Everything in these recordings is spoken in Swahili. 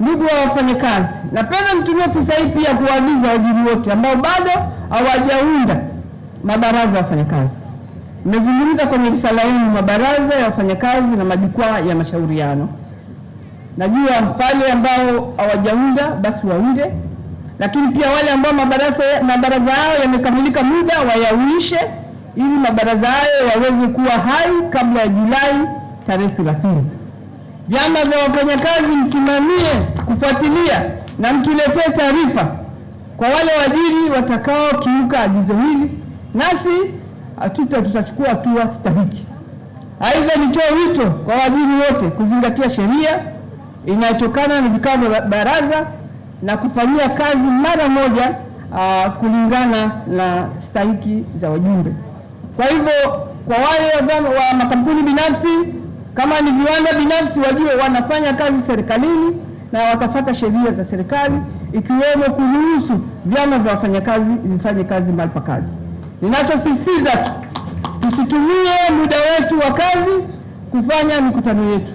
Ndugu wa wafanyakazi, napenda nitumie fursa hii pia kuwaagiza waajiri wote ambao bado hawajaunda mabaraza ya wafanyakazi. Nimezungumza kwenye risala yenu mabaraza ya wafanyakazi na majukwaa ya mashauriano. Najua pale ambao hawajaunda basi waunde, lakini pia wale ambao mabaraza mabaraza yao yamekamilika muda wayauishe, ili mabaraza hayo yaweze kuwa hai kabla ya Julai tarehe 30 vyama vya wafanyakazi msimamie kufuatilia na mtuletee taarifa kwa wale waajiri watakaokiuka agizo hili, nasi hatuta tutachukua hatua stahiki. Aidha, nitoe wito kwa waajiri wote kuzingatia sheria inayotokana na vikao vya baraza na kufanyia kazi mara moja uh, kulingana na stahiki za wajumbe. Kwa hivyo, kwa wale wa makampuni binafsi kama ni viwanda binafsi, wajue wanafanya kazi serikalini na watafata sheria za serikali, ikiwemo kuruhusu vyama vya wafanyakazi vifanye kazi mahali pa kazi. Ninachosisitiza tu tusitumie muda wetu wa kazi kufanya mikutano yetu,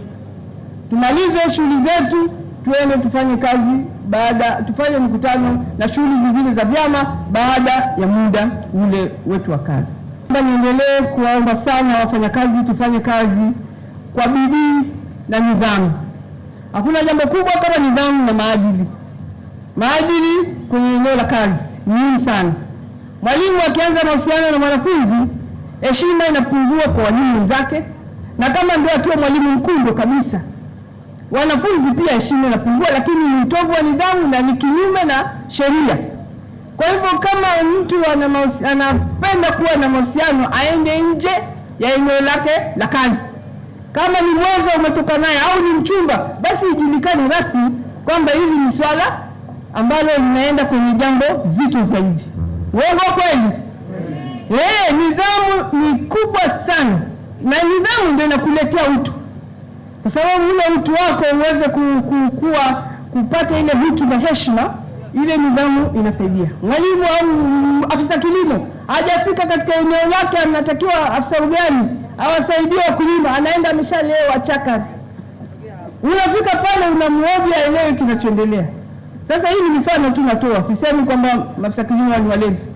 tumalize shughuli zetu, tuende tufanye kazi baada, tufanye mikutano na shughuli zingine za vyama baada ya muda ule wetu wa kazi. Niendelee kuwaomba sana wafanyakazi, tufanye kazi kwa bidii na nidhamu. Hakuna jambo kubwa kama nidhamu na maadili. Maadili kwenye eneo la kazi muhimu sana. Mwalimu akianza mahusiano na mwanafunzi, heshima inapungua kwa walimu wenzake, na kama ndio akiwa mwalimu mkundo kabisa, wanafunzi pia heshima inapungua, lakini ni utovu wa nidhamu na ni kinyume na sheria. Kwa hivyo kama mtu anapenda kuwa na mahusiano, aende nje ya eneo lake la kazi. Kama ni mwenza umetoka naye au ni mchumba, basi ijulikane rasmi kwamba hili ni swala ambalo linaenda kwenye jambo zito zaidi. wengo kweli? Hey, eh, nidhamu ni kubwa sana, na nidhamu ndio inakuletea utu, kwa sababu ule utu wako uweze kukua kupata ile vitu na heshima ile nidhamu inasaidia. Mwalimu au afisa kilimo hajafika katika eneo lake, anatakiwa afisa ugani awasaidie wakulima, anaenda ameshalewa chakari, unafika pale unamhoji aelewe kinachoendelea. Sasa hii ni mifano tu natoa, sisemi kwamba mafisa kilimo ni walevi.